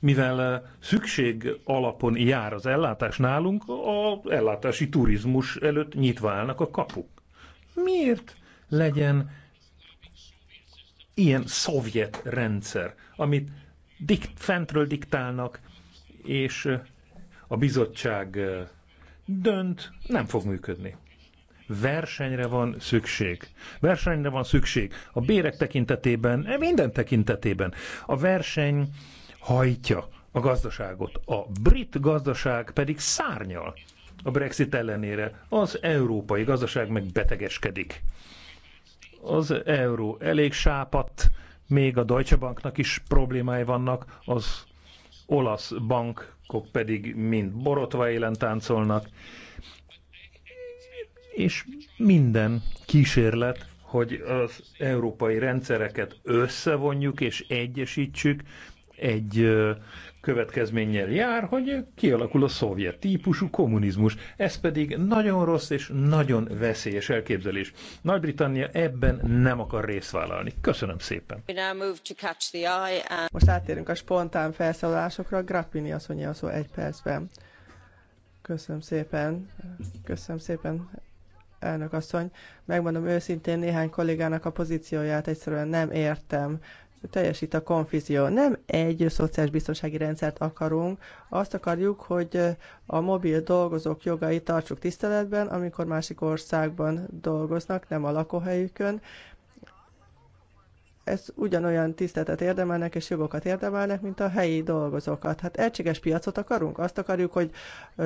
mivel eh, szükség alapon jár az ellátás nálunk, a ellátási turizmus előtt nyitva állnak a kapuk. Miért legyen ilyen szovjet rendszer, amit dikt, fentről diktálnak, és eh, a bizottság eh, dönt, nem fog működni. Versenyre van szükség. Versenyre van szükség a bérek tekintetében, minden tekintetében. A verseny hajtja a gazdaságot. A brit gazdaság pedig szárnyal. A Brexit ellenére az európai gazdaság meg betegeskedik. Az euró elég sápat, még a Deutsche Banknak is problémái vannak, az olasz bankok pedig mind borotva élen táncolnak, és minden kísérlet, hogy az európai rendszereket összevonjuk és egyesítsük, egy következménnyel jár, hogy kialakul a szovjet típusú kommunizmus. Ez pedig nagyon rossz és nagyon veszélyes elképzelés. Nagy-Britannia ebben nem akar részt vállalni. Köszönöm szépen. Most áttérünk a spontán felszólalásokra. Grappini asszonyi a szó egy percben. Köszönöm szépen. Köszönöm szépen elnök asszony. Megmondom őszintén, néhány kollégának a pozícióját egyszerűen nem értem teljesít a konfízió. Nem egy szociális biztonsági rendszert akarunk, azt akarjuk, hogy a mobil dolgozók jogait tartsuk tiszteletben, amikor másik országban dolgoznak, nem a lakóhelyükön. Ez ugyanolyan tiszteletet érdemelnek és jogokat érdemelnek, mint a helyi dolgozókat. Hát egységes piacot akarunk? Azt akarjuk, hogy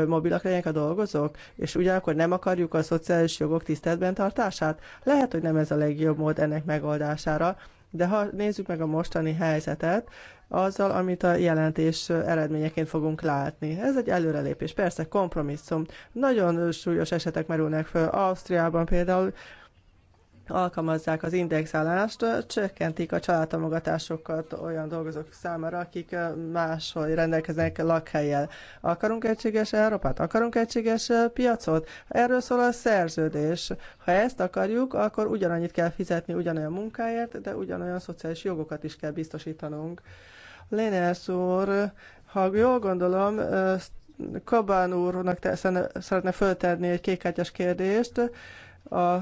mobilak legyenek a dolgozók, és ugyanakkor nem akarjuk a szociális jogok tiszteletben tartását? Lehet, hogy nem ez a legjobb mód ennek megoldására, de ha nézzük meg a mostani helyzetet, azzal, amit a jelentés eredményeként fogunk látni. Ez egy előrelépés, persze kompromisszum. Nagyon súlyos esetek merülnek föl. Ausztriában például alkalmazzák az indexálást, csökkentik a családtámogatásokat olyan dolgozók számára, akik máshol rendelkeznek lakhelyel. Akarunk egységes Európát? Akarunk egységes piacot? Erről szól a szerződés. Ha ezt akarjuk, akkor ugyanannyit kell fizetni ugyanolyan munkáért, de ugyanolyan szociális jogokat is kell biztosítanunk. Lénersz úr, ha jól gondolom, Kabán úrnak te, szeretne föltenni egy kékkártyás kérdést. A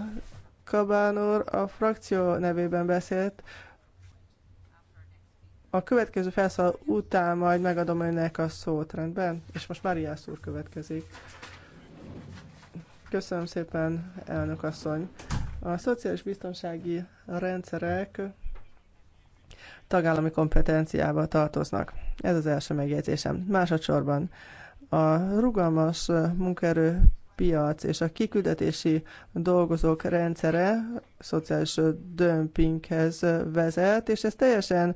Kabán úr a frakció nevében beszélt. A következő felszal után majd megadom önnek a szót, rendben? És most Mariász úr következik. Köszönöm szépen, elnök asszony. A szociális biztonsági rendszerek tagállami kompetenciába tartoznak. Ez az első megjegyzésem. Másodszorban a rugalmas munkaerő piac és a kiküldetési dolgozók rendszere szociális dömpinghez vezet, és ez teljesen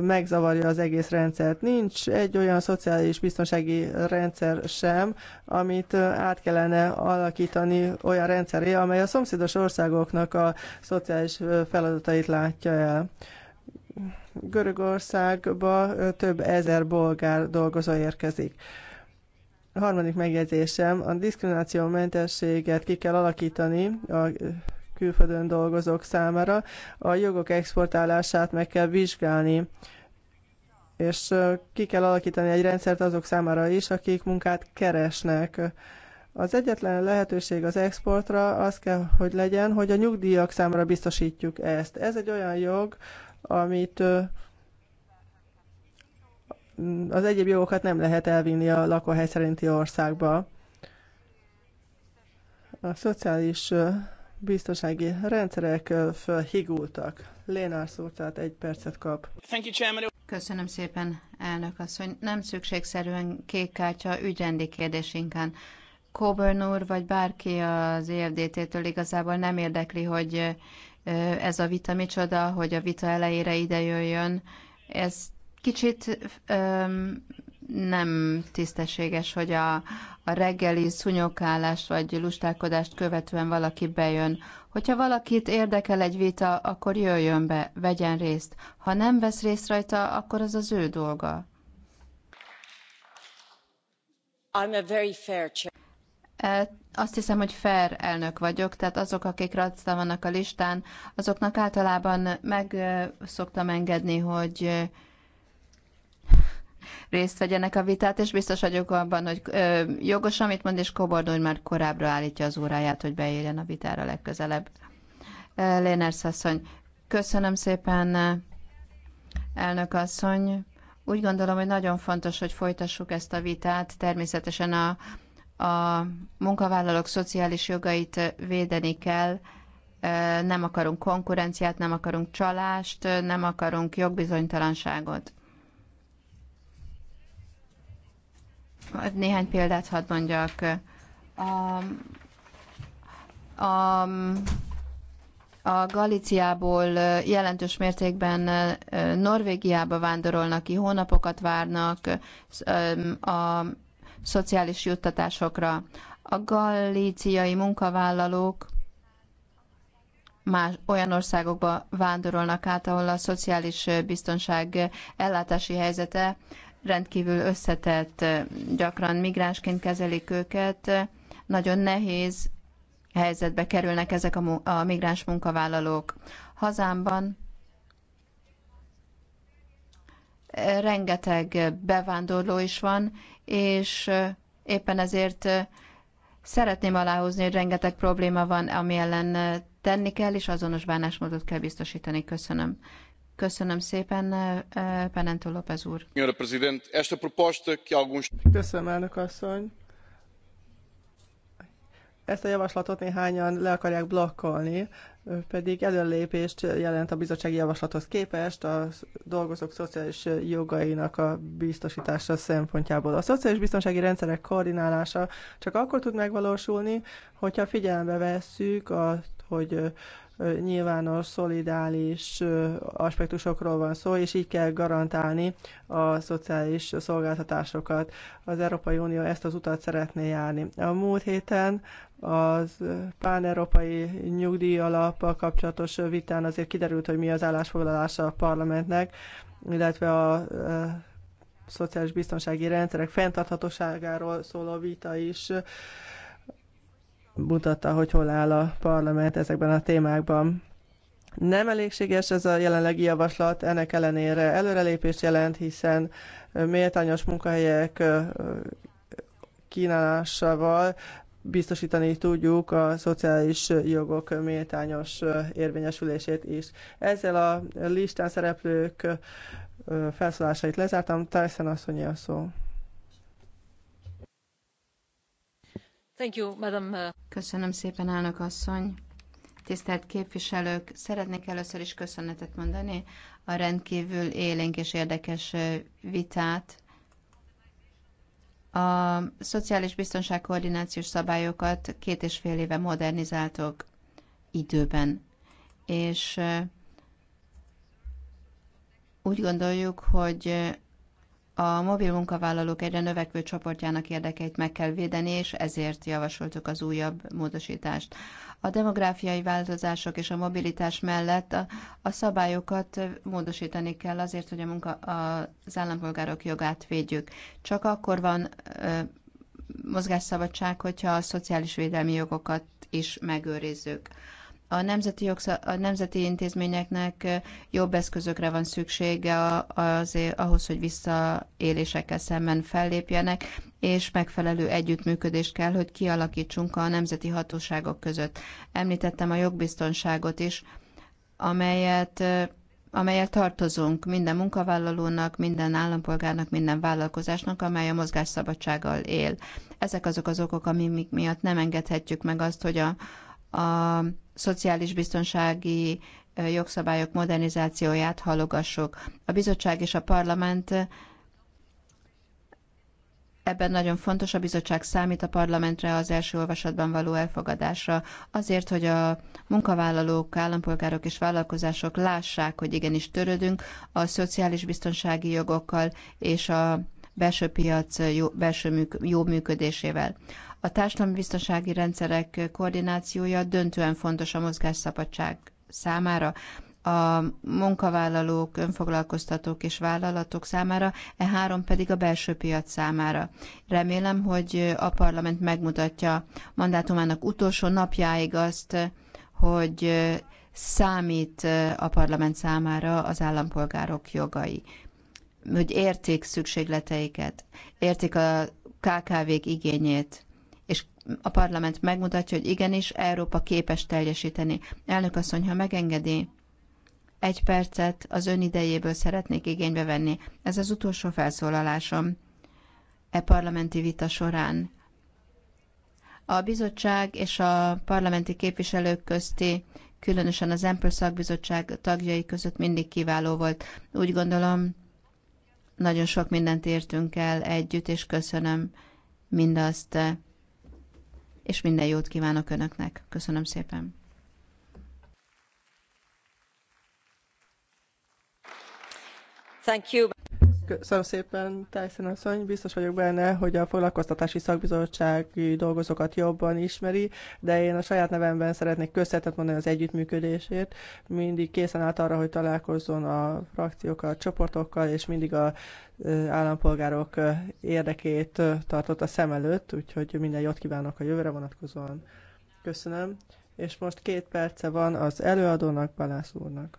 megzavarja az egész rendszert. Nincs egy olyan szociális biztonsági rendszer sem, amit át kellene alakítani olyan rendszeré, amely a szomszédos országoknak a szociális feladatait látja el. Görögországba több ezer bolgár dolgozó érkezik a harmadik megjegyzésem, a diszkriminációmentességet ki kell alakítani a külföldön dolgozók számára. A jogok exportálását meg kell vizsgálni, és ki kell alakítani egy rendszert azok számára is, akik munkát keresnek. Az egyetlen lehetőség az exportra az kell, hogy legyen, hogy a nyugdíjak számára biztosítjuk ezt. Ez egy olyan jog, amit az egyéb jogokat nem lehet elvinni a lakóhely szerinti országba. A szociális biztonsági rendszerek felhigultak. Lénár szó, tehát egy percet kap. Köszönöm szépen, elnök asszony. Nem szükségszerűen kék kártya ügyrendi kérdésinken. Coburn úr, vagy bárki az EFDT-től igazából nem érdekli, hogy ez a vita micsoda, hogy a vita elejére ide jöjjön. Ezt Kicsit öm, nem tisztességes, hogy a, a reggeli szunyokálást vagy lustálkodást követően valaki bejön. Hogyha valakit érdekel egy vita, akkor jöjjön be, vegyen részt. Ha nem vesz részt rajta, akkor az az ő dolga. I'm a very fair Azt hiszem, hogy fair elnök vagyok, tehát azok, akik rajta vannak a listán, azoknak általában meg szoktam engedni, hogy részt vegyenek a vitát, és biztos vagyok abban, hogy ö, jogos, amit mond, és Kobordony már korábbra állítja az óráját, hogy beérjen a vitára legközelebb. Lénersz asszony, köszönöm szépen, elnök asszony. Úgy gondolom, hogy nagyon fontos, hogy folytassuk ezt a vitát. Természetesen a, a munkavállalók szociális jogait védeni kell, nem akarunk konkurenciát, nem akarunk csalást, nem akarunk jogbizonytalanságot. néhány példát hadd mondjak. A, a, a Galiciából jelentős mértékben Norvégiába vándorolnak ki, hónapokat várnak a szociális juttatásokra. A galíciai munkavállalók más olyan országokba vándorolnak át, ahol a szociális biztonság ellátási helyzete rendkívül összetett, gyakran migránsként kezelik őket, nagyon nehéz helyzetbe kerülnek ezek a, a migráns munkavállalók. Hazámban rengeteg bevándorló is van, és éppen ezért szeretném aláhozni, hogy rengeteg probléma van, ami ellen tenni kell, és azonos bánásmódot kell biztosítani. Köszönöm. Köszönöm szépen, eh, eh, Penentő López úr. Köszönöm, elnök asszony. Ezt a javaslatot néhányan le akarják blokkolni, pedig előrelépést jelent a bizottsági javaslathoz képest a dolgozók szociális jogainak a biztosítása szempontjából. A szociális biztonsági rendszerek koordinálása csak akkor tud megvalósulni, hogyha figyelembe vesszük, hogy a szolidális aspektusokról van szó, és így kell garantálni a szociális szolgáltatásokat. Az Európai Unió ezt az utat szeretné járni. A múlt héten az pán-európai nyugdíjalappal kapcsolatos vitán azért kiderült, hogy mi az állásfoglalása a parlamentnek, illetve a szociális biztonsági rendszerek fenntarthatóságáról szóló vita is mutatta, hogy hol áll a parlament ezekben a témákban. Nem elégséges ez a jelenlegi javaslat, ennek ellenére előrelépést jelent, hiszen méltányos munkahelyek kínálásával biztosítani tudjuk a szociális jogok méltányos érvényesülését is. Ezzel a listán szereplők felszólásait lezártam. Tyson asszonyi a szó. Uh, Köszönöm szépen, elnök asszony. Tisztelt képviselők, szeretnék először is köszönetet mondani a rendkívül élénk és érdekes vitát. A szociális biztonság koordinációs szabályokat két és fél éve modernizáltok időben, és úgy gondoljuk, hogy a mobil munkavállalók egyre növekvő csoportjának érdekeit meg kell védeni, és ezért javasoltuk az újabb módosítást. A demográfiai változások és a mobilitás mellett a, a szabályokat módosítani kell azért, hogy a munka, az állampolgárok jogát védjük. Csak akkor van ö, mozgásszabadság, hogyha a szociális védelmi jogokat is megőrizzük a nemzeti, jogszab- a nemzeti intézményeknek jobb eszközökre van szüksége az, ahhoz, hogy visszaélésekkel szemben fellépjenek, és megfelelő együttműködést kell, hogy kialakítsunk a nemzeti hatóságok között. Említettem a jogbiztonságot is, amelyet amelyet tartozunk minden munkavállalónak, minden állampolgárnak, minden vállalkozásnak, amely a mozgásszabadsággal él. Ezek azok az okok, amik miatt nem engedhetjük meg azt, hogy a, a szociális biztonsági jogszabályok modernizációját halogassuk. A bizottság és a parlament Ebben nagyon fontos, a bizottság számít a parlamentre az első olvasatban való elfogadásra, azért, hogy a munkavállalók, állampolgárok és vállalkozások lássák, hogy igenis törődünk a szociális biztonsági jogokkal és a belső piac jó, belső műk, jó működésével. A társadalmi biztonsági rendszerek koordinációja döntően fontos a mozgásszabadság számára, a munkavállalók, önfoglalkoztatók és vállalatok számára, e három pedig a belső piac számára. Remélem, hogy a parlament megmutatja mandátumának utolsó napjáig azt, hogy számít a parlament számára az állampolgárok jogai, hogy értik szükségleteiket, értik a KKV-k igényét, a parlament megmutatja, hogy igenis Európa képes teljesíteni. Elnök asszony, ha megengedi, egy percet az ön idejéből szeretnék igénybe venni. Ez az utolsó felszólalásom e parlamenti vita során. A bizottság és a parlamenti képviselők közti, különösen az Empel szakbizottság tagjai között mindig kiváló volt. Úgy gondolom, nagyon sok mindent értünk el együtt, és köszönöm mindazt, és minden jót kívánok Önöknek. Köszönöm szépen! Thank you. Köszönöm szépen, Tyson asszony. Biztos vagyok benne, hogy a foglalkoztatási szakbizottság dolgozókat jobban ismeri, de én a saját nevemben szeretnék köszönetet mondani az együttműködésért. Mindig készen állt arra, hogy találkozzon a frakciókkal, a csoportokkal, és mindig a állampolgárok érdekét tartotta szem előtt, úgyhogy minden jót kívánok a jövőre vonatkozóan. Köszönöm. És most két perce van az előadónak, Balász úrnak.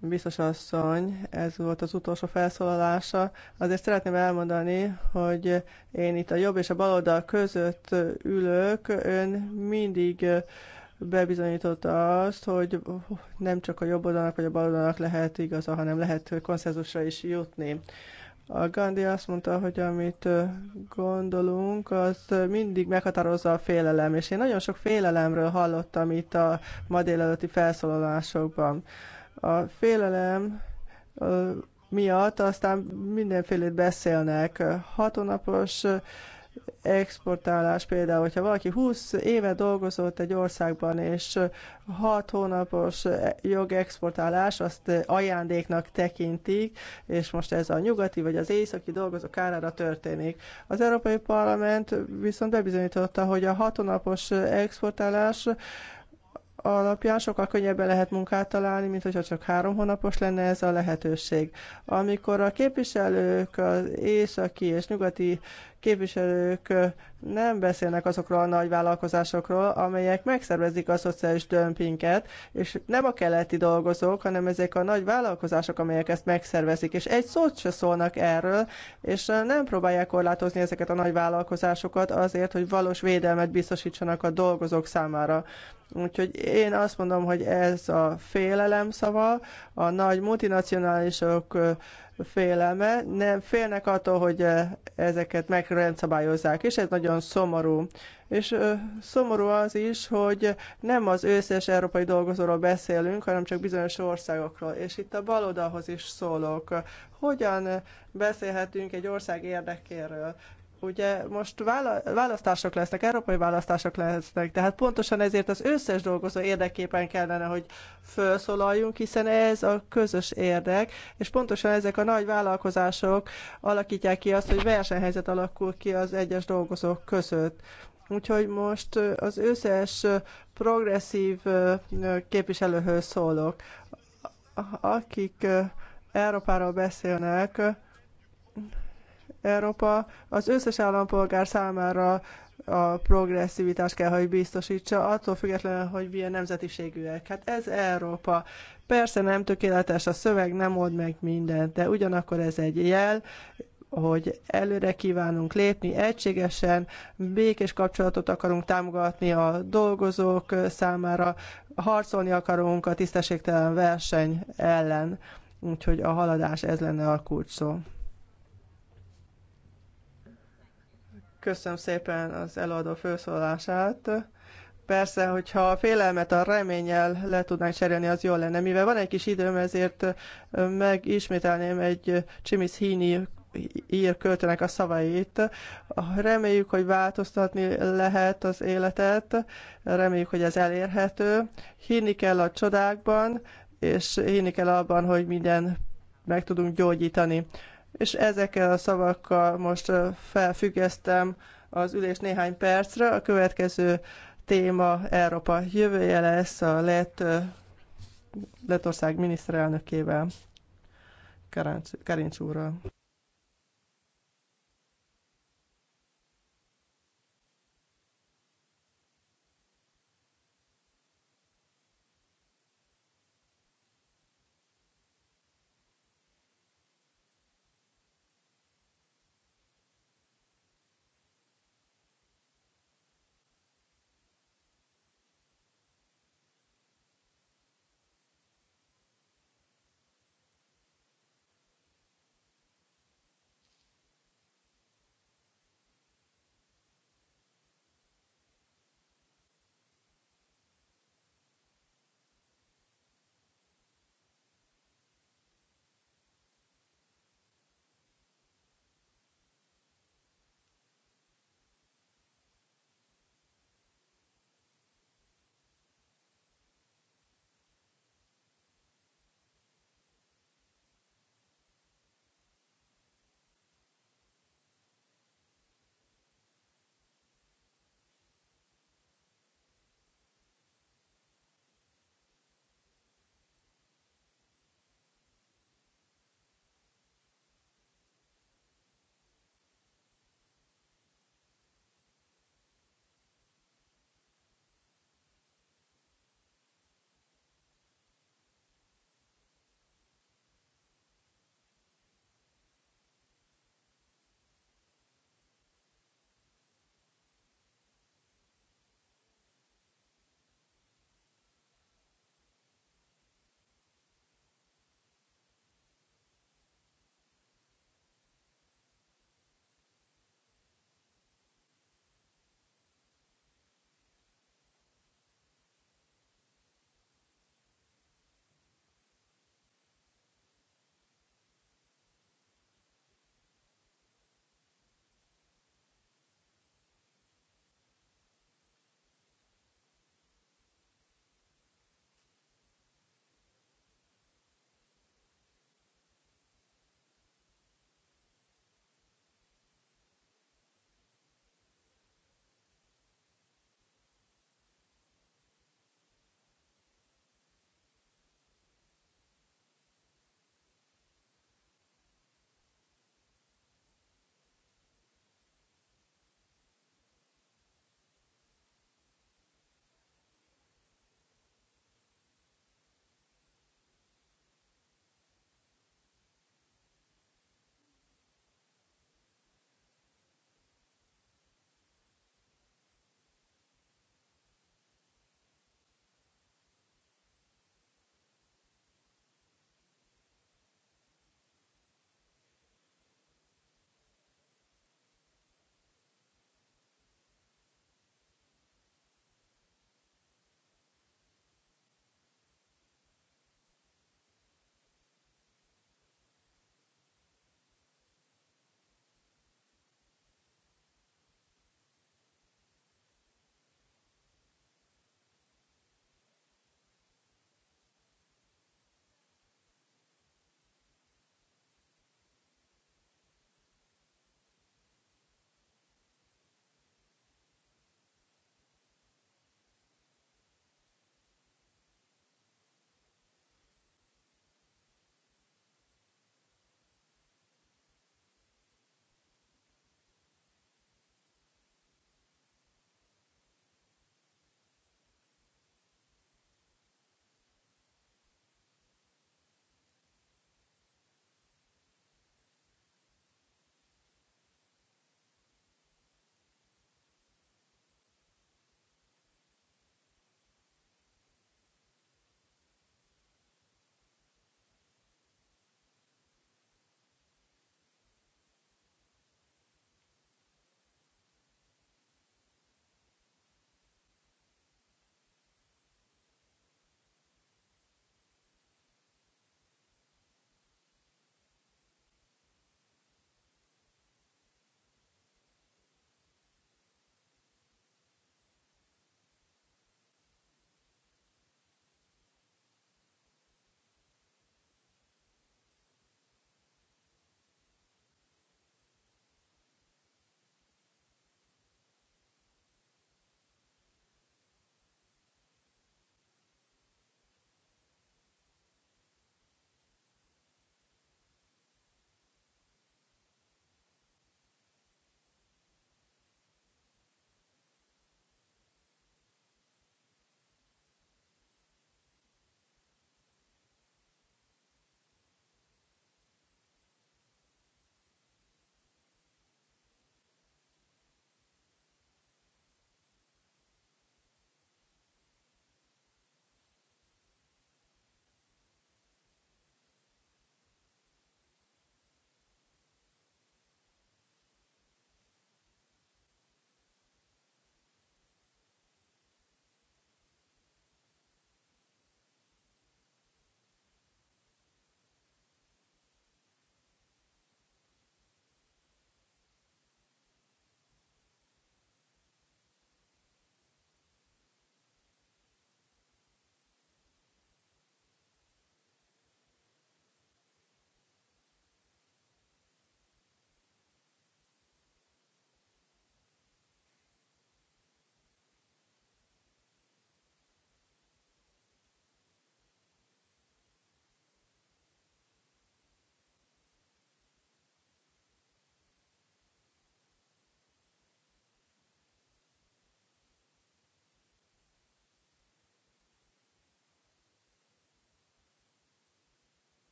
Biztos asszony, ez volt az utolsó felszólalása. Azért szeretném elmondani, hogy én itt a jobb és a bal oldal között ülök. Ön mindig bebizonyította azt, hogy nem csak a jobb oldalnak vagy a bal oldalnak lehet igaza, hanem lehet konszenzusra is jutni. A Gandhi azt mondta, hogy amit gondolunk, az mindig meghatározza a félelem, és én nagyon sok félelemről hallottam itt a ma délelőtti felszólalásokban. A félelem miatt aztán mindenfélét beszélnek. Hat exportálás például, hogyha valaki 20 éve dolgozott egy országban, és 6 hónapos jogexportálás, azt ajándéknak tekintik, és most ez a nyugati vagy az északi dolgozó kárára történik. Az Európai Parlament viszont bebizonyította, hogy a 6 hónapos exportálás alapján sokkal könnyebben lehet munkát találni, mint hogyha csak három hónapos lenne ez a lehetőség. Amikor a képviselők, az északi és nyugati képviselők nem beszélnek azokról a nagy vállalkozásokról, amelyek megszervezik a szociális dömpinket, és nem a keleti dolgozók, hanem ezek a nagy vállalkozások, amelyek ezt megszervezik, és egy szót se szólnak erről, és nem próbálják korlátozni ezeket a nagy vállalkozásokat azért, hogy valós védelmet biztosítsanak a dolgozók számára. Úgyhogy én azt mondom, hogy ez a félelem szava, a nagy multinacionálisok félelme, nem félnek attól, hogy ezeket megrendszabályozzák, és ez nagyon szomorú. És szomorú az is, hogy nem az összes európai dolgozóról beszélünk, hanem csak bizonyos országokról. És itt a baloldalhoz is szólok. Hogyan beszélhetünk egy ország érdekéről? Ugye most választások lesznek, európai választások lesznek, tehát pontosan ezért az összes dolgozó érdekében kellene, hogy felszólaljunk, hiszen ez a közös érdek, és pontosan ezek a nagy vállalkozások alakítják ki azt, hogy versenyhelyzet alakul ki az egyes dolgozók között. Úgyhogy most az összes progresszív képviselőhöz szólok. Akik Európáról beszélnek, Európa az összes állampolgár számára a progresszivitást kell, hogy biztosítsa, attól függetlenül, hogy milyen nemzetiségűek. Hát ez Európa. Persze nem tökéletes a szöveg, nem old meg mindent, de ugyanakkor ez egy jel, hogy előre kívánunk lépni egységesen, békés kapcsolatot akarunk támogatni a dolgozók számára, harcolni akarunk a tisztességtelen verseny ellen. Úgyhogy a haladás ez lenne a kulcs szó. Köszönöm szépen az előadó felszólását. Persze, hogyha a félelmet a reményel le tudnánk cserélni, az jó lenne. Mivel van egy kis időm, ezért megismételném egy Csimis Híni ír költőnek a szavait. Reméljük, hogy változtatni lehet az életet, reméljük, hogy ez elérhető. Hinni kell a csodákban, és hinni kell abban, hogy minden meg tudunk gyógyítani és ezekkel a szavakkal most felfüggesztem az ülés néhány percre. A következő téma Európa jövője lesz a lett Lettország miniszterelnökével, Karincs úrral.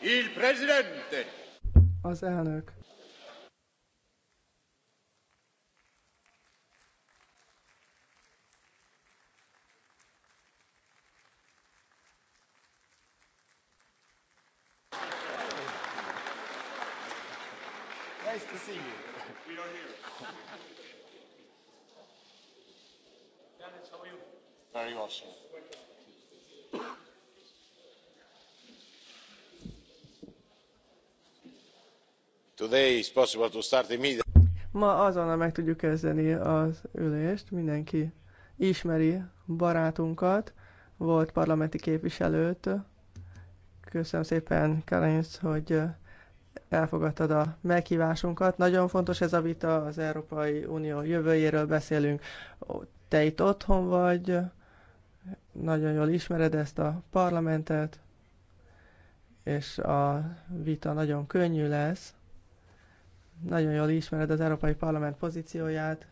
Il presidente. Az elnök. Nice to see you. We are here. Dennis, how are you? Very well, sir. Ma azonnal meg tudjuk kezdeni az ülést. Mindenki ismeri barátunkat, volt parlamenti képviselőt. Köszönöm szépen, Kalinsz, hogy elfogadtad a meghívásunkat. Nagyon fontos ez a vita, az Európai Unió jövőjéről beszélünk. Te itt otthon vagy, nagyon jól ismered ezt a parlamentet, és a vita nagyon könnyű lesz. Nagyon jól ismered az Európai Parlament pozícióját,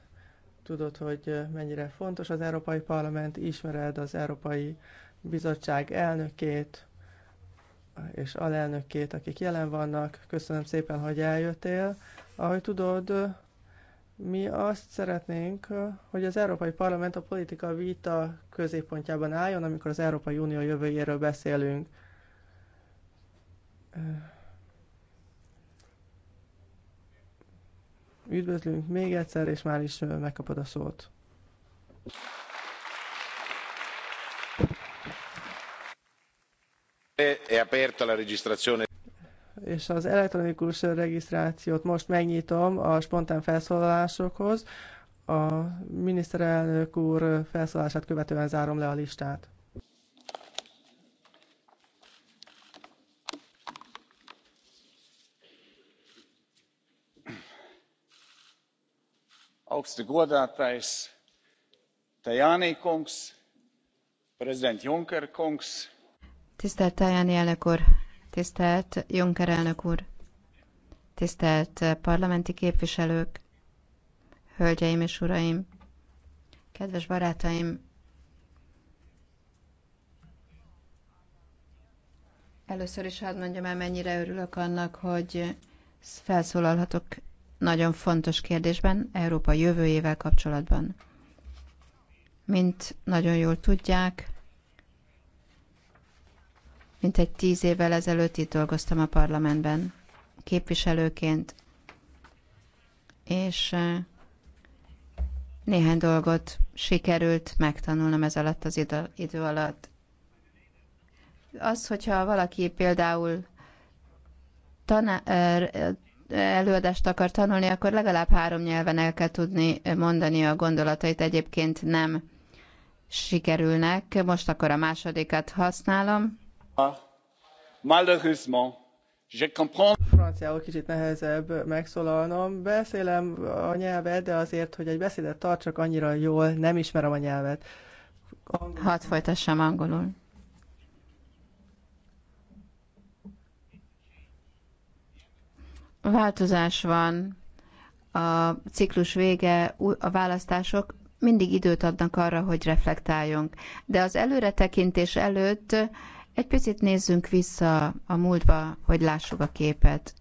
tudod, hogy mennyire fontos az Európai Parlament, ismered az Európai Bizottság elnökét és alelnökét, akik jelen vannak. Köszönöm szépen, hogy eljöttél. Ahogy tudod, mi azt szeretnénk, hogy az Európai Parlament a politika vita középpontjában álljon, amikor az Európai Unió jövőjéről beszélünk. Üdvözlünk még egyszer, és már is megkapod a szót. aperta la registrazione. És az elektronikus regisztrációt most megnyitom a spontán felszólalásokhoz. A miniszterelnök úr felszólását követően zárom le a listát. augsti godātais tajani kungs prezident juncker kungs tisztelt tajani elnök úr tisztelt juncker elnök úr tisztelt parlamenti képviselők hölgyeim és uraim kedves barátaim Először is hadd mondjam el, mennyire örülök annak, hogy felszólalhatok nagyon fontos kérdésben, Európa jövőjével kapcsolatban. Mint nagyon jól tudják, mint egy tíz évvel ezelőtt itt dolgoztam a parlamentben, képviselőként, és eh, néhány dolgot sikerült megtanulnom ez alatt az idő alatt. Az, hogyha valaki például taná- eh, előadást akar tanulni, akkor legalább három nyelven el kell tudni mondani a gondolatait, egyébként nem sikerülnek. Most akkor a másodikat használom. Malheureusement, je comprends. Franciául kicsit nehezebb megszólalnom. Beszélem a nyelvet, de azért, hogy egy beszédet tartsak, annyira jól nem ismerem a nyelvet. Angol. Hadd folytassam angolul. változás van, a ciklus vége, a választások mindig időt adnak arra, hogy reflektáljunk. De az előretekintés előtt egy picit nézzünk vissza a múltba, hogy lássuk a képet.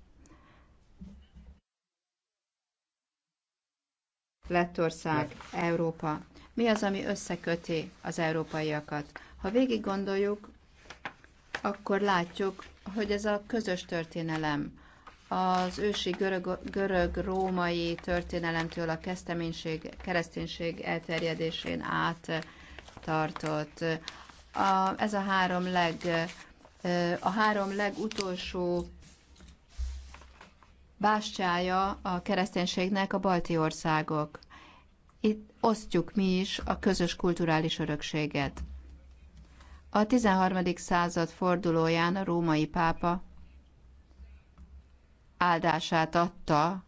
Lettország, Európa. Mi az, ami összeköti az európaiakat? Ha végig gondoljuk, akkor látjuk, hogy ez a közös történelem, az ősi görög-római görög történelemtől a kezdeménység, kereszténység elterjedésén át tartott. A, ez a három leg, a három legutolsó bástyája a kereszténységnek a balti országok. Itt osztjuk mi is a közös kulturális örökséget. A 13. század fordulóján a római pápa áldását adta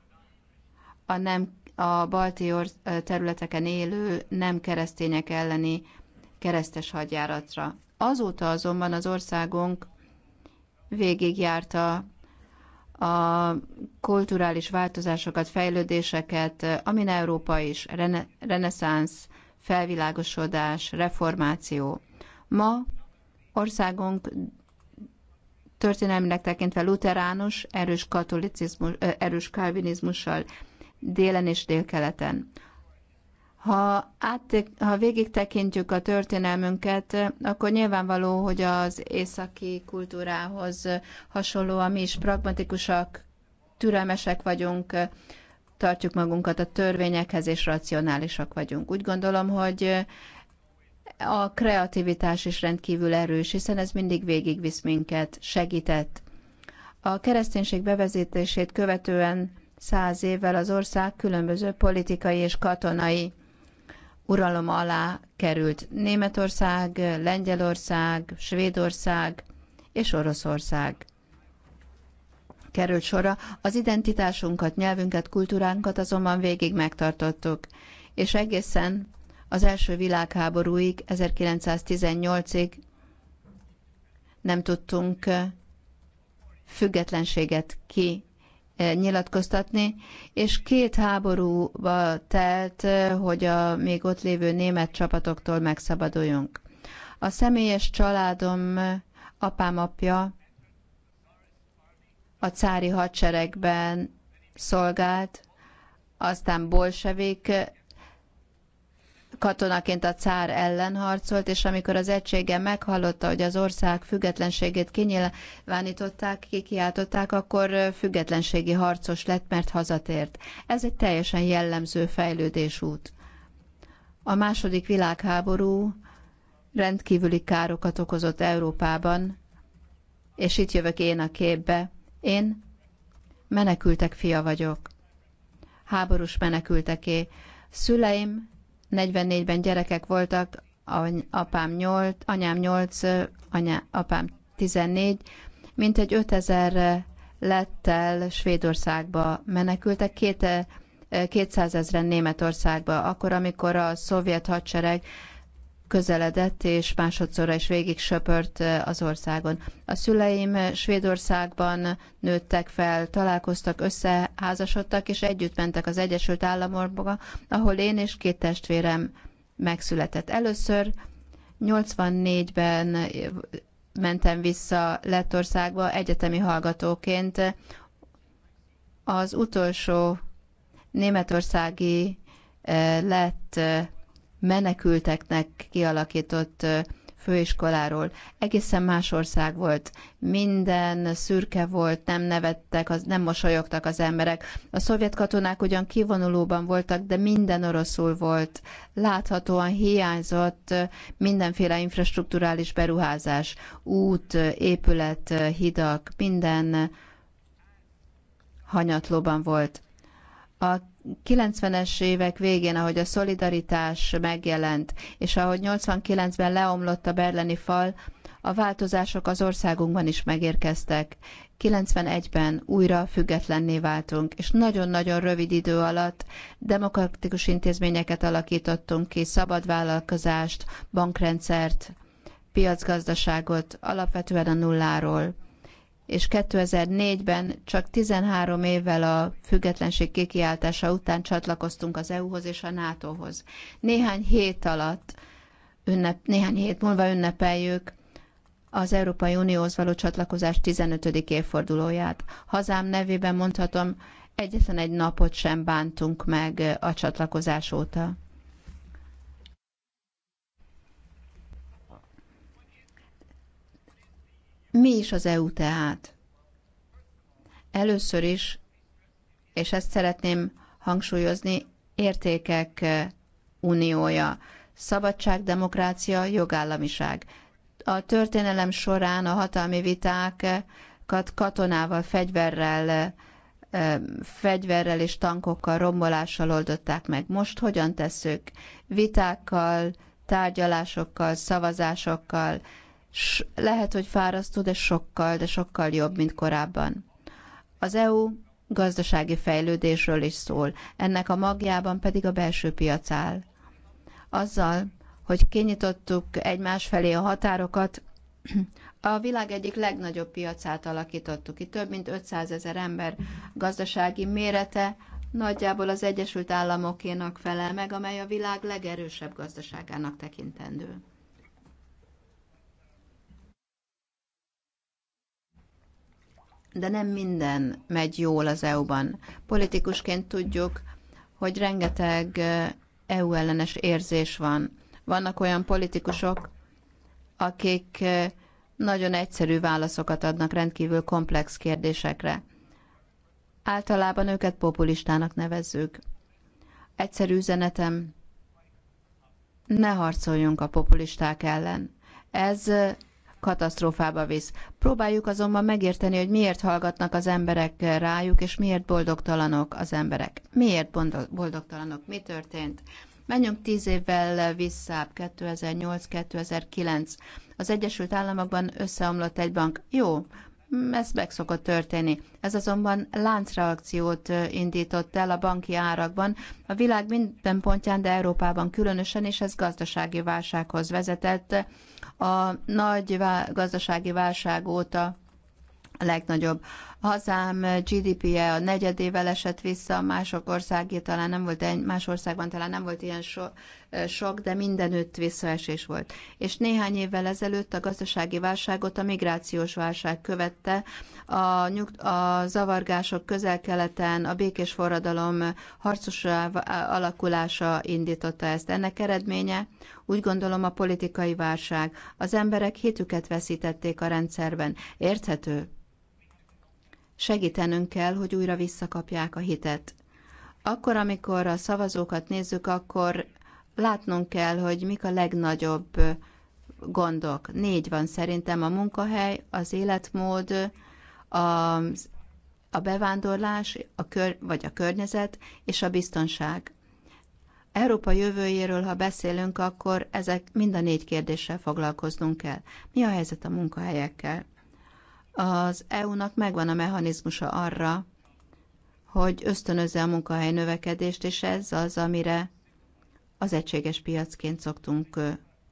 a, nem, a balti területeken élő nem keresztények elleni keresztes hadjáratra. Azóta azonban az országunk végigjárta a kulturális változásokat, fejlődéseket, amin Európa is, rene, reneszánsz, felvilágosodás, reformáció. Ma országunk történelmileg tekintve luteránus, erős, katolicizmus, erős kalvinizmussal délen és délkeleten. Ha, ha végig tekintjük a történelmünket, akkor nyilvánvaló, hogy az északi kultúrához hasonlóan mi is pragmatikusak, türelmesek vagyunk, tartjuk magunkat a törvényekhez, és racionálisak vagyunk. Úgy gondolom, hogy a kreativitás is rendkívül erős, hiszen ez mindig végigvisz minket, segített. A kereszténység bevezetését követően száz évvel az ország különböző politikai és katonai uralom alá került. Németország, Lengyelország, Svédország és Oroszország került sora. Az identitásunkat, nyelvünket, kultúránkat azonban végig megtartottuk, és egészen az első világháborúig, 1918-ig nem tudtunk függetlenséget ki nyilatkoztatni, és két háborúba telt, hogy a még ott lévő német csapatoktól megszabaduljunk. A személyes családom apám apja a cári hadseregben szolgált, aztán bolsevik katonaként a cár ellen harcolt, és amikor az egysége meghallotta, hogy az ország függetlenségét kinyilvánították, kikiáltották, akkor függetlenségi harcos lett, mert hazatért. Ez egy teljesen jellemző fejlődésút. A második világháború rendkívüli károkat okozott Európában, és itt jövök én a képbe. Én menekültek fia vagyok. Háborús menekülteké. Szüleim 44-ben gyerekek voltak, apám 8, anyám 8, anya apám 14, mintegy 5000 lettel Svédországba menekültek, két, 200 eh, ezeren Németországba, akkor, amikor a szovjet hadsereg közeledett, és másodszorra is végig söpört az országon. A szüleim Svédországban nőttek fel, találkoztak, összeházasodtak, és együtt mentek az Egyesült Államokba, ahol én és két testvérem megszületett. Először 84-ben mentem vissza Lettországba egyetemi hallgatóként. Az utolsó németországi lett menekülteknek kialakított főiskoláról. Egészen más ország volt. Minden szürke volt, nem nevettek, az, nem mosolyogtak az emberek. A szovjet katonák ugyan kivonulóban voltak, de minden oroszul volt. Láthatóan hiányzott mindenféle infrastruktúrális beruházás. Út, épület, hidak, minden hanyatlóban volt a 90-es évek végén, ahogy a szolidaritás megjelent, és ahogy 89-ben leomlott a berleni fal, a változások az országunkban is megérkeztek. 91-ben újra függetlenné váltunk, és nagyon-nagyon rövid idő alatt demokratikus intézményeket alakítottunk ki, szabad vállalkozást, bankrendszert, piacgazdaságot, alapvetően a nulláról és 2004-ben csak 13 évvel a függetlenség kikiáltása után csatlakoztunk az EU-hoz és a NATO-hoz. Néhány hét alatt, ünnep, néhány hét múlva ünnepeljük az Európai Unióhoz való csatlakozás 15. évfordulóját. Hazám nevében mondhatom, egyetlen egy napot sem bántunk meg a csatlakozás óta. Mi is az EU tehát? Először is, és ezt szeretném hangsúlyozni, értékek eh, uniója. Szabadság, demokrácia, jogállamiság. A történelem során a hatalmi vitákat katonával, fegyverrel, eh, eh, fegyverrel és tankokkal, rombolással oldották meg. Most hogyan tesszük? Vitákkal, tárgyalásokkal, szavazásokkal, s lehet, hogy fárasztó, de sokkal, de sokkal jobb, mint korábban. Az EU gazdasági fejlődésről is szól, ennek a magjában pedig a belső piac áll. Azzal, hogy kinyitottuk egymás felé a határokat, a világ egyik legnagyobb piacát alakítottuk ki. Több mint 500 ezer ember gazdasági mérete nagyjából az Egyesült Államokénak felel meg, amely a világ legerősebb gazdaságának tekintendő. de nem minden megy jól az EU-ban. Politikusként tudjuk, hogy rengeteg EU ellenes érzés van. Vannak olyan politikusok, akik nagyon egyszerű válaszokat adnak rendkívül komplex kérdésekre. Általában őket populistának nevezzük. Egyszerű üzenetem, ne harcoljunk a populisták ellen. Ez katasztrófába visz. Próbáljuk azonban megérteni, hogy miért hallgatnak az emberek rájuk, és miért boldogtalanok az emberek. Miért boldogtalanok? Mi történt? Menjünk tíz évvel vissza, 2008-2009. Az Egyesült Államokban összeomlott egy bank. Jó, ez meg szokott történni. Ez azonban láncreakciót indított el a banki árakban, a világ minden pontján, de Európában különösen, és ez gazdasági válsághoz vezetett, a nagy gazdasági válság óta a legnagyobb. Hazám GDP-je a negyedével esett vissza, mások országé talán nem volt, más országban talán nem volt ilyen so, sok, de mindenütt visszaesés volt. És néhány évvel ezelőtt a gazdasági válságot a migrációs válság követte, a, nyug, a zavargások közel-keleten, a békés forradalom harcos alakulása indította ezt. Ennek eredménye úgy gondolom a politikai válság. Az emberek hitüket veszítették a rendszerben. Érthető? segítenünk kell, hogy újra visszakapják a hitet. Akkor, amikor a szavazókat nézzük, akkor látnunk kell, hogy mik a legnagyobb gondok. Négy van szerintem a munkahely, az életmód, a, a bevándorlás, a kör, vagy a környezet és a biztonság. Európa jövőjéről, ha beszélünk, akkor ezek mind a négy kérdéssel foglalkoznunk kell. Mi a helyzet a munkahelyekkel? Az EU-nak megvan a mechanizmusa arra, hogy ösztönözze a munkahely növekedést, és ez az, amire az egységes piacként szoktunk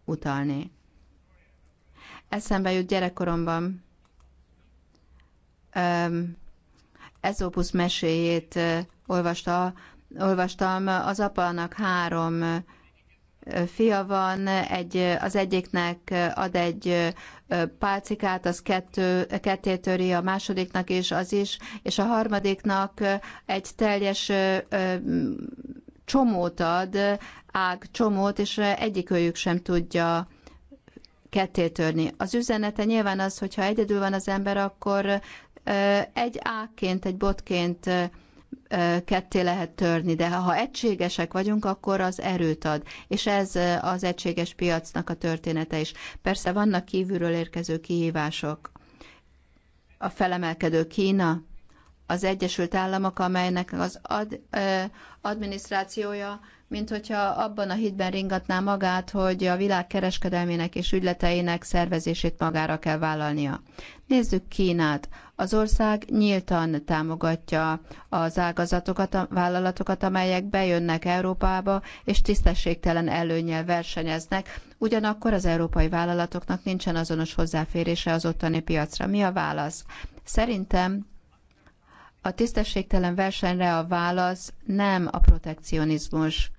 utalni. Eszembe jut gyerekkoromban Ezópusz meséjét olvasta, olvastam, az apának három fia van, egy, az egyiknek ad egy pálcikát, az kettő, ketté töri a másodiknak is, az is, és a harmadiknak egy teljes csomót ad, ág csomót, és egyikőjük sem tudja ketté törni. Az üzenete nyilván az, hogyha egyedül van az ember, akkor egy ágként, egy botként ketté lehet törni, de ha egységesek vagyunk, akkor az erőt ad. És ez az egységes piacnak a története is. Persze vannak kívülről érkező kihívások. A felemelkedő Kína, az Egyesült Államok, amelynek az ad, ö, adminisztrációja mint hogyha abban a hitben ringatná magát, hogy a világ kereskedelmének és ügyleteinek szervezését magára kell vállalnia. Nézzük Kínát. Az ország nyíltan támogatja az ágazatokat, a vállalatokat, amelyek bejönnek Európába, és tisztességtelen előnyel versenyeznek. Ugyanakkor az európai vállalatoknak nincsen azonos hozzáférése az ottani piacra. Mi a válasz? Szerintem a tisztességtelen versenyre a válasz nem a protekcionizmus.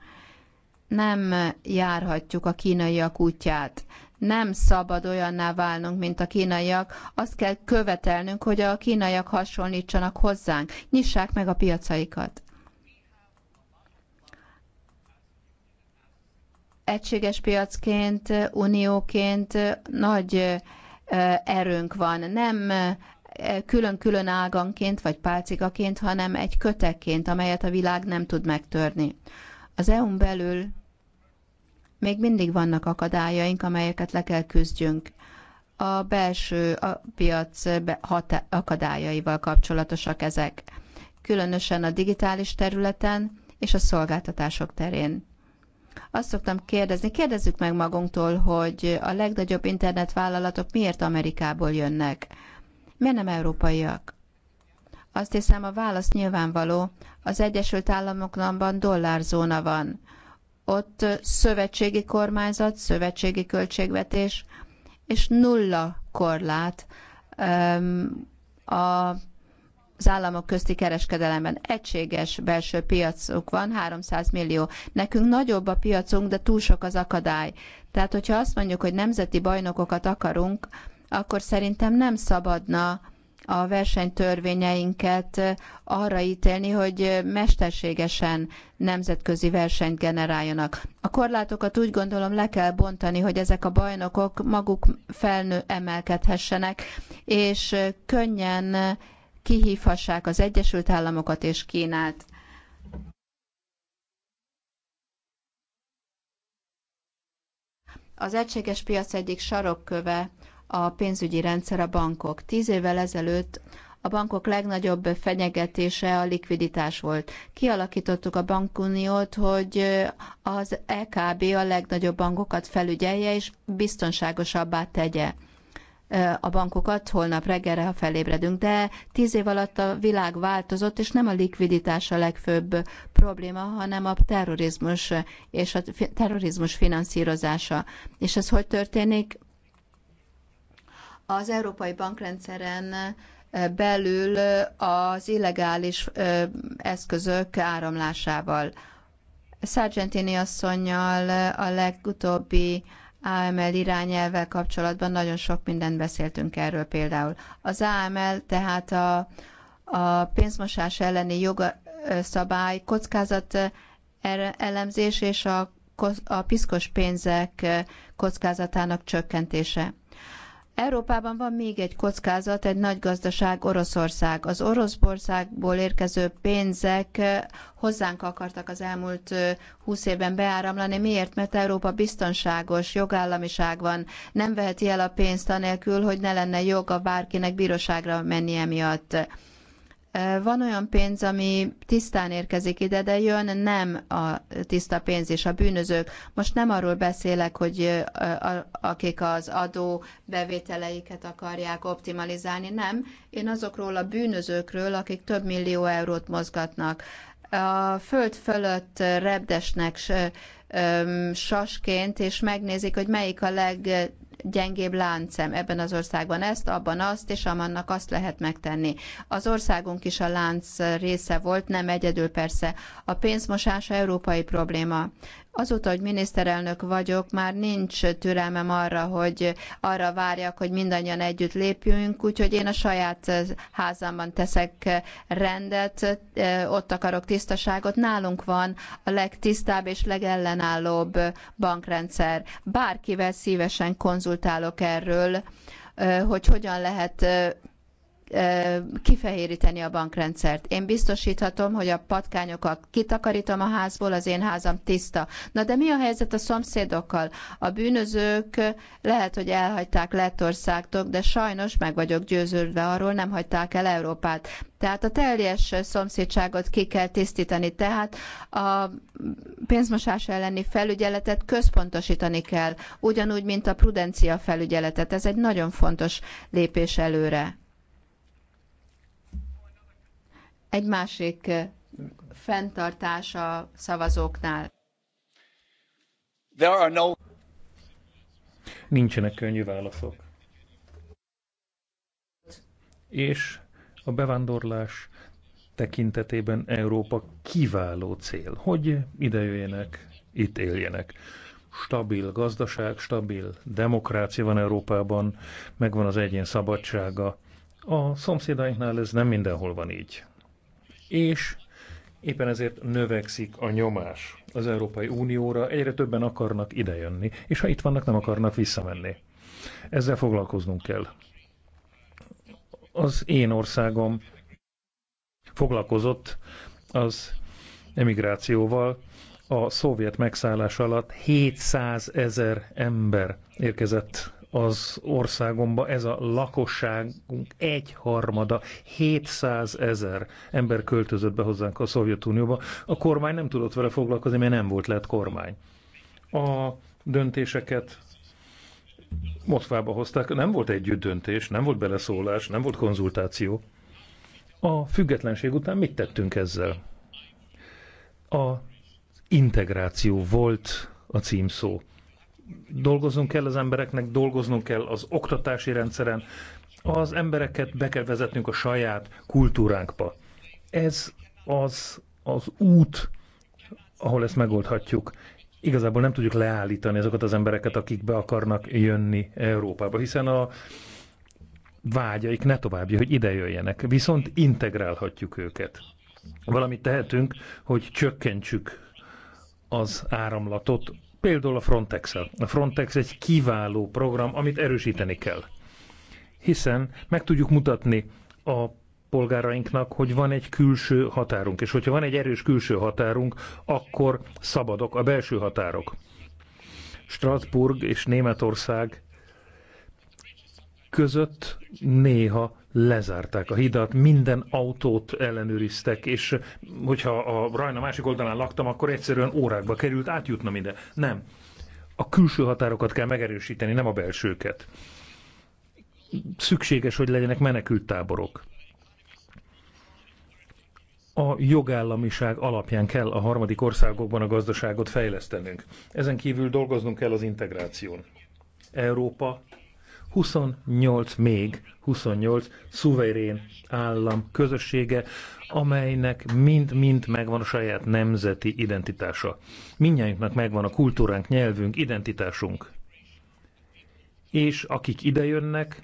Nem járhatjuk a kínaiak útját. Nem szabad olyanná válnunk, mint a kínaiak. Azt kell követelnünk, hogy a kínaiak hasonlítsanak hozzánk. Nyissák meg a piacaikat. Egységes piacként, unióként nagy erőnk van. Nem külön-külön áganként vagy pálcikaként, hanem egy kötekként, amelyet a világ nem tud megtörni. Az EU-n belül még mindig vannak akadályaink, amelyeket le kell küzdjünk a belső a piac akadályaival kapcsolatosak ezek, különösen a digitális területen és a szolgáltatások terén. Azt szoktam kérdezni, kérdezzük meg magunktól, hogy a legnagyobb internetvállalatok miért Amerikából jönnek, miért nem európaiak? Azt hiszem a válasz nyilvánvaló. Az Egyesült Államokban dollárzóna van. Ott szövetségi kormányzat, szövetségi költségvetés, és nulla korlát um, a az államok közti kereskedelemben egységes belső piacuk van, 300 millió. Nekünk nagyobb a piacunk, de túl sok az akadály. Tehát, hogyha azt mondjuk, hogy nemzeti bajnokokat akarunk, akkor szerintem nem szabadna a versenytörvényeinket arra ítélni, hogy mesterségesen nemzetközi versenyt generáljanak. A korlátokat úgy gondolom le kell bontani, hogy ezek a bajnokok maguk felnő emelkedhessenek, és könnyen kihívhassák az Egyesült Államokat és Kínát. Az egységes piac egyik sarokköve a pénzügyi rendszer a bankok. Tíz évvel ezelőtt a bankok legnagyobb fenyegetése a likviditás volt. Kialakítottuk a bankuniót, hogy az EKB a legnagyobb bankokat felügyelje és biztonságosabbá tegye a bankokat holnap reggelre, ha felébredünk. De tíz év alatt a világ változott, és nem a likviditás a legfőbb probléma, hanem a terrorizmus és a terrorizmus finanszírozása. És ez hogy történik? az európai bankrendszeren belül az illegális eszközök áramlásával. Sargentini asszonynal a legutóbbi AML irányelvvel kapcsolatban nagyon sok mindent beszéltünk erről például. Az AML tehát a, a pénzmosás elleni jogszabály kockázat elemzés és a, a piszkos pénzek kockázatának csökkentése. Európában van még egy kockázat, egy nagy gazdaság Oroszország. Az Oroszországból érkező pénzek eh, hozzánk akartak az elmúlt eh, húsz évben beáramlani. Miért? Mert Európa biztonságos, jogállamiság van. Nem veheti el a pénzt anélkül, hogy ne lenne joga bárkinek bíróságra menni emiatt. Van olyan pénz, ami tisztán érkezik ide, de jön nem a tiszta pénz és a bűnözők. Most nem arról beszélek, hogy akik az adó bevételeiket akarják optimalizálni, nem. Én azokról a bűnözőkről, akik több millió eurót mozgatnak. A föld fölött repdesnek sasként, és megnézik, hogy melyik a leg leggyengébb láncem ebben az országban ezt, abban azt, és amannak azt lehet megtenni. Az országunk is a lánc része volt, nem egyedül persze. A pénzmosás európai probléma. Azóta, hogy miniszterelnök vagyok, már nincs türelmem arra, hogy arra várjak, hogy mindannyian együtt lépjünk, úgyhogy én a saját eh, házamban teszek eh, rendet, eh, ott akarok tisztaságot. Nálunk van a legtisztább és legellenállóbb bankrendszer. Bárkivel szívesen konzultálok erről, hogy hogyan lehet kifehéríteni a bankrendszert. Én biztosíthatom, hogy a patkányokat kitakarítom a házból, az én házam tiszta. Na de mi a helyzet a szomszédokkal? A bűnözők lehet, hogy elhagyták Lettországtól, de sajnos meg vagyok győződve arról, nem hagyták el Európát. Tehát a teljes szomszédságot ki kell tisztítani, tehát a pénzmosás elleni felügyeletet központosítani kell, ugyanúgy, mint a prudencia felügyeletet. Ez egy nagyon fontos lépés előre. Egy másik fenntartása szavazóknál. There are no... Nincsenek könnyű válaszok. És a bevándorlás tekintetében Európa kiváló cél, hogy idejöjjenek, itt éljenek. Stabil gazdaság, stabil demokrácia van Európában, megvan az egyén szabadsága. A szomszédainknál ez nem mindenhol van így és éppen ezért növekszik a nyomás az Európai Unióra, egyre többen akarnak idejönni, és ha itt vannak, nem akarnak visszamenni. Ezzel foglalkoznunk kell. Az én országom foglalkozott az emigrációval, a szovjet megszállás alatt 700 ezer ember érkezett az országomba ez a lakosságunk egyharmada, 700 ezer ember költözött be hozzánk a Szovjetunióba. A kormány nem tudott vele foglalkozni, mert nem volt lett kormány. A döntéseket Moszkvába hozták, nem volt együtt döntés, nem volt beleszólás, nem volt konzultáció. A függetlenség után mit tettünk ezzel? A integráció volt a címszó dolgoznunk kell az embereknek, dolgoznunk kell az oktatási rendszeren, az embereket be kell vezetnünk a saját kultúránkba. Ez az az út, ahol ezt megoldhatjuk. Igazából nem tudjuk leállítani azokat az embereket, akik be akarnak jönni Európába, hiszen a vágyaik ne továbbja, hogy ide jöjjenek. Viszont integrálhatjuk őket. Valamit tehetünk, hogy csökkentsük az áramlatot Például a frontex -el. A Frontex egy kiváló program, amit erősíteni kell. Hiszen meg tudjuk mutatni a polgárainknak, hogy van egy külső határunk, és hogyha van egy erős külső határunk, akkor szabadok a belső határok. Strasbourg és Németország között néha lezárták a hidat, minden autót ellenőriztek, és hogyha a rajna másik oldalán laktam, akkor egyszerűen órákba került átjutnom ide. Nem. A külső határokat kell megerősíteni, nem a belsőket. Szükséges, hogy legyenek menekülttáborok. A jogállamiság alapján kell a harmadik országokban a gazdaságot fejlesztenünk. Ezen kívül dolgoznunk kell az integráción. Európa 28 még, 28 szuverén állam közössége, amelynek mind-mind megvan a saját nemzeti identitása. Mindjártnak megvan a kultúránk, nyelvünk, identitásunk. És akik idejönnek,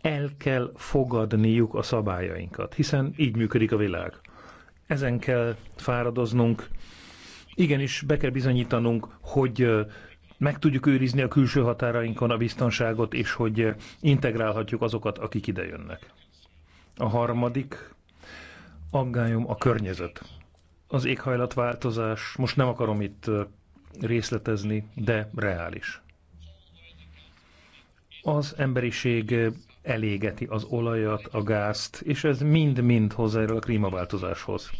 el kell fogadniuk a szabályainkat, hiszen így működik a világ. Ezen kell fáradoznunk, igenis be kell bizonyítanunk, hogy meg tudjuk őrizni a külső határainkon a biztonságot, és hogy integrálhatjuk azokat, akik idejönnek. A harmadik aggályom a környezet. Az éghajlatváltozás, most nem akarom itt részletezni, de reális. Az emberiség elégeti az olajat, a gázt, és ez mind-mind hozzájárul a klímaváltozáshoz.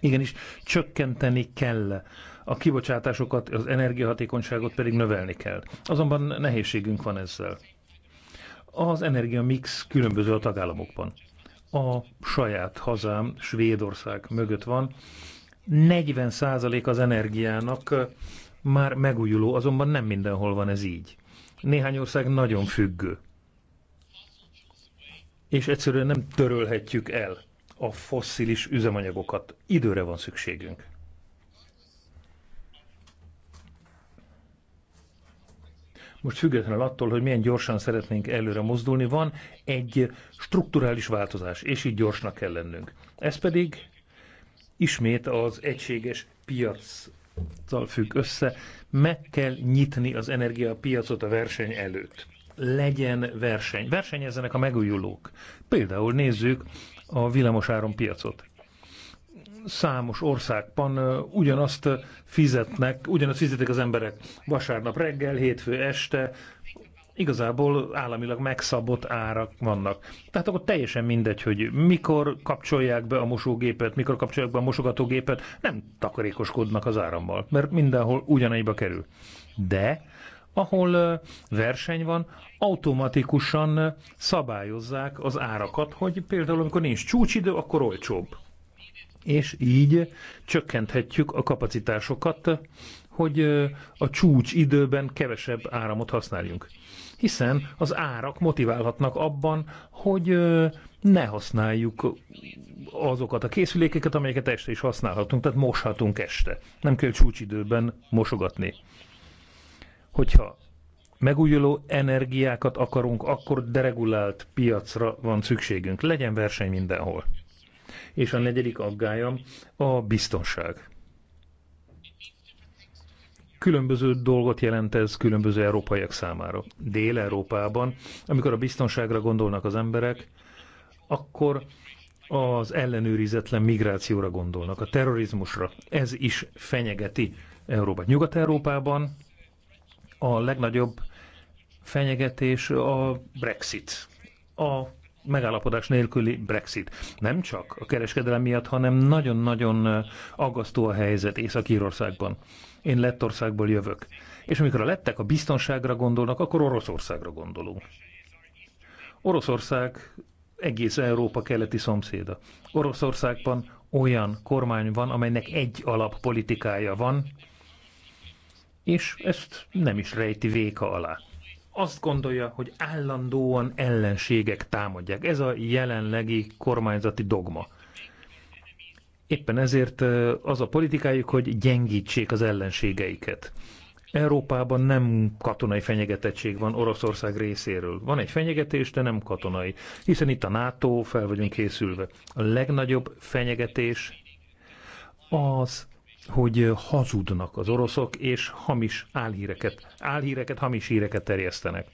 Igenis, csökkenteni kell a kibocsátásokat, az energiahatékonyságot pedig növelni kell. Azonban nehézségünk van ezzel. Az energiamix különböző a tagállamokban. A saját hazám, Svédország mögött van. 40% az energiának már megújuló, azonban nem mindenhol van ez így. Néhány ország nagyon függő. És egyszerűen nem törölhetjük el a fosszilis üzemanyagokat. Időre van szükségünk. Most függetlenül attól, hogy milyen gyorsan szeretnénk előre mozdulni, van egy strukturális változás, és így gyorsnak kell lennünk. Ez pedig ismét az egységes piaccal függ össze. Meg kell nyitni az energiapiacot a verseny előtt. Legyen verseny. Versenyezzenek a megújulók. Például nézzük a villamosáron piacot számos országban ugyanazt fizetnek, ugyanazt fizetik az emberek vasárnap reggel, hétfő este, igazából államilag megszabott árak vannak. Tehát akkor teljesen mindegy, hogy mikor kapcsolják be a mosógépet, mikor kapcsolják be a mosogatógépet, nem takarékoskodnak az árammal, mert mindenhol ugyanegybe kerül. De ahol verseny van, automatikusan szabályozzák az árakat, hogy például amikor nincs csúcsidő, akkor olcsóbb és így csökkenthetjük a kapacitásokat, hogy a csúcs időben kevesebb áramot használjunk. Hiszen az árak motiválhatnak abban, hogy ne használjuk azokat a készülékeket, amelyeket este is használhatunk, tehát moshatunk este. Nem kell csúcsidőben mosogatni. Hogyha megújuló energiákat akarunk, akkor deregulált piacra van szükségünk. Legyen verseny mindenhol és a negyedik aggályam a biztonság. Különböző dolgot jelent ez különböző európaiak számára. Dél-Európában, amikor a biztonságra gondolnak az emberek, akkor az ellenőrizetlen migrációra gondolnak, a terrorizmusra. Ez is fenyegeti Európát. Nyugat-Európában a legnagyobb fenyegetés a Brexit, a megállapodás nélküli Brexit. Nem csak a kereskedelem miatt, hanem nagyon-nagyon aggasztó a helyzet Észak-Írországban. Én Lettországból jövök. És amikor a lettek a biztonságra gondolnak, akkor Oroszországra gondolunk. Oroszország egész Európa keleti szomszéda. Oroszországban olyan kormány van, amelynek egy alappolitikája van, és ezt nem is rejti véka alá azt gondolja, hogy állandóan ellenségek támadják. Ez a jelenlegi kormányzati dogma. Éppen ezért az a politikájuk, hogy gyengítsék az ellenségeiket. Európában nem katonai fenyegetettség van Oroszország részéről. Van egy fenyegetés, de nem katonai, hiszen itt a NATO fel vagyunk készülve. A legnagyobb fenyegetés az hogy hazudnak az oroszok, és hamis álhíreket, álhíreket, hamis híreket terjesztenek.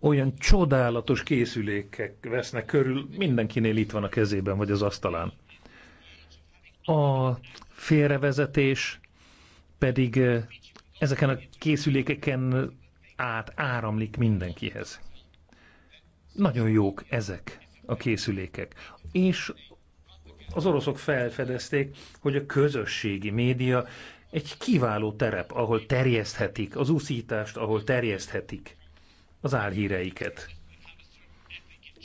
Olyan csodálatos készülékek vesznek körül, mindenkinél itt van a kezében, vagy az asztalán. A félrevezetés pedig ezeken a készülékeken át áramlik mindenkihez. Nagyon jók ezek a készülékek. És az oroszok felfedezték, hogy a közösségi média egy kiváló terep, ahol terjeszthetik az úszítást, ahol terjeszthetik az álhíreiket.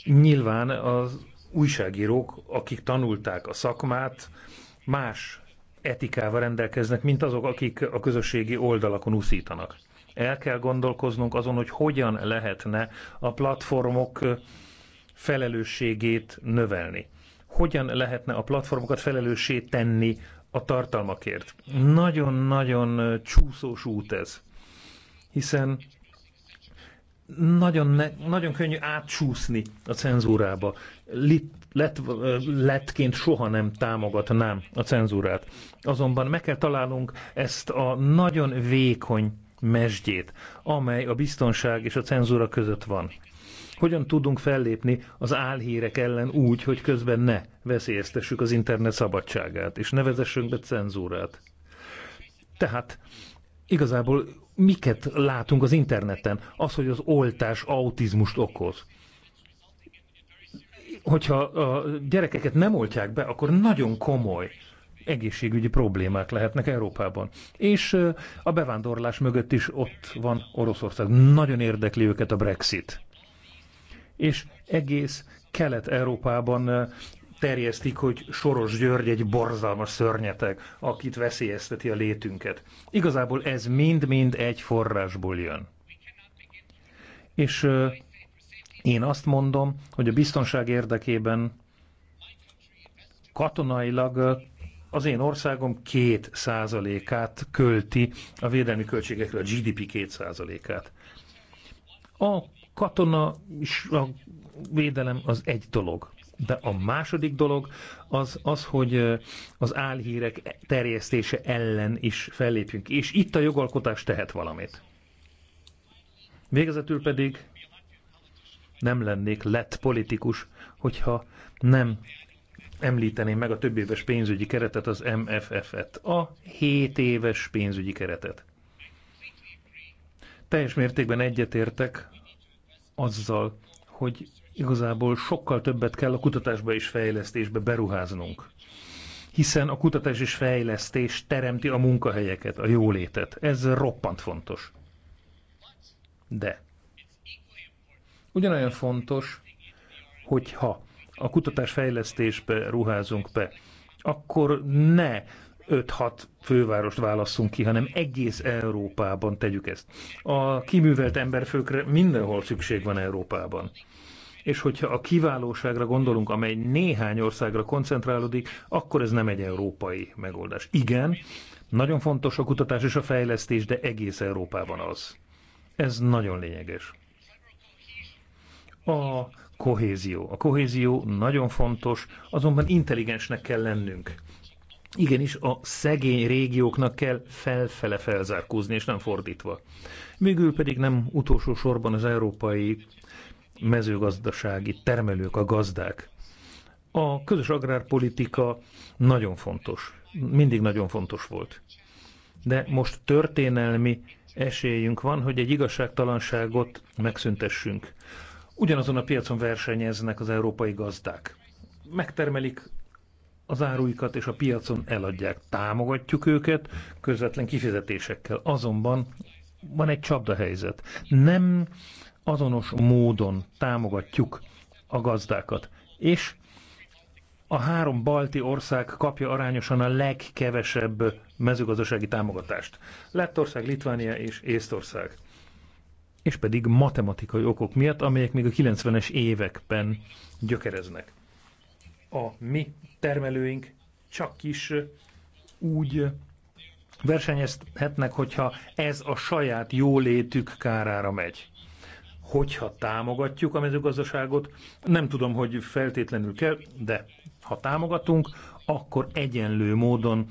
Nyilván az újságírók, akik tanulták a szakmát, más etikával rendelkeznek, mint azok, akik a közösségi oldalakon úszítanak. El kell gondolkoznunk azon, hogy hogyan lehetne a platformok felelősségét növelni hogyan lehetne a platformokat felelőssé tenni a tartalmakért. Nagyon-nagyon csúszós út ez, hiszen nagyon, ne, nagyon könnyű átcsúszni a cenzúrába. Lit, lett, lettként soha nem támogatnám a cenzúrát. Azonban meg kell találnunk ezt a nagyon vékony mesdjét, amely a biztonság és a cenzúra között van. Hogyan tudunk fellépni az álhírek ellen úgy, hogy közben ne veszélyeztessük az internet szabadságát, és ne vezessünk be cenzúrát? Tehát igazából miket látunk az interneten? Az, hogy az oltás autizmust okoz hogyha a gyerekeket nem oltják be, akkor nagyon komoly egészségügyi problémák lehetnek Európában. És a bevándorlás mögött is ott van Oroszország. Nagyon érdekli őket a Brexit és egész Kelet-Európában terjesztik, hogy Soros György egy borzalmas szörnyeteg, akit veszélyezteti a létünket. Igazából ez mind-mind egy forrásból jön. És én azt mondom, hogy a biztonság érdekében katonailag az én országom két át költi a védelmi költségekre, a GDP két át A katona és a védelem az egy dolog. De a második dolog az, az, hogy az álhírek terjesztése ellen is fellépjünk. És itt a jogalkotás tehet valamit. Végezetül pedig nem lennék lett politikus, hogyha nem említeném meg a több éves pénzügyi keretet, az MFF-et, a 7 éves pénzügyi keretet. Teljes mértékben egyetértek azzal, hogy igazából sokkal többet kell a kutatásba és fejlesztésbe beruháznunk. Hiszen a kutatás és fejlesztés teremti a munkahelyeket, a jólétet. Ez roppant fontos. De ugyanolyan fontos, hogyha a kutatás fejlesztésbe ruházunk be, akkor ne 5-6 fővárost válasszunk ki, hanem egész Európában tegyük ezt. A kiművelt emberfőkre mindenhol szükség van Európában. És hogyha a kiválóságra gondolunk, amely néhány országra koncentrálódik, akkor ez nem egy európai megoldás. Igen, nagyon fontos a kutatás és a fejlesztés, de egész Európában az. Ez nagyon lényeges. A kohézió. A kohézió nagyon fontos, azonban intelligensnek kell lennünk igenis a szegény régióknak kell felfele felzárkózni, és nem fordítva. Végül pedig nem utolsó sorban az európai mezőgazdasági termelők, a gazdák. A közös agrárpolitika nagyon fontos, mindig nagyon fontos volt. De most történelmi esélyünk van, hogy egy igazságtalanságot megszüntessünk. Ugyanazon a piacon versenyeznek az európai gazdák. Megtermelik az áruikat és a piacon eladják. Támogatjuk őket közvetlen kifizetésekkel. Azonban van egy csapdahelyzet. Nem azonos módon támogatjuk a gazdákat. És a három balti ország kapja arányosan a legkevesebb mezőgazdasági támogatást. Lettország, Litvánia és Észtország. És pedig matematikai okok miatt, amelyek még a 90-es években gyökereznek a mi termelőink csak is úgy versenyezhetnek, hogyha ez a saját jólétük kárára megy. Hogyha támogatjuk a mezőgazdaságot, nem tudom, hogy feltétlenül kell, de ha támogatunk, akkor egyenlő módon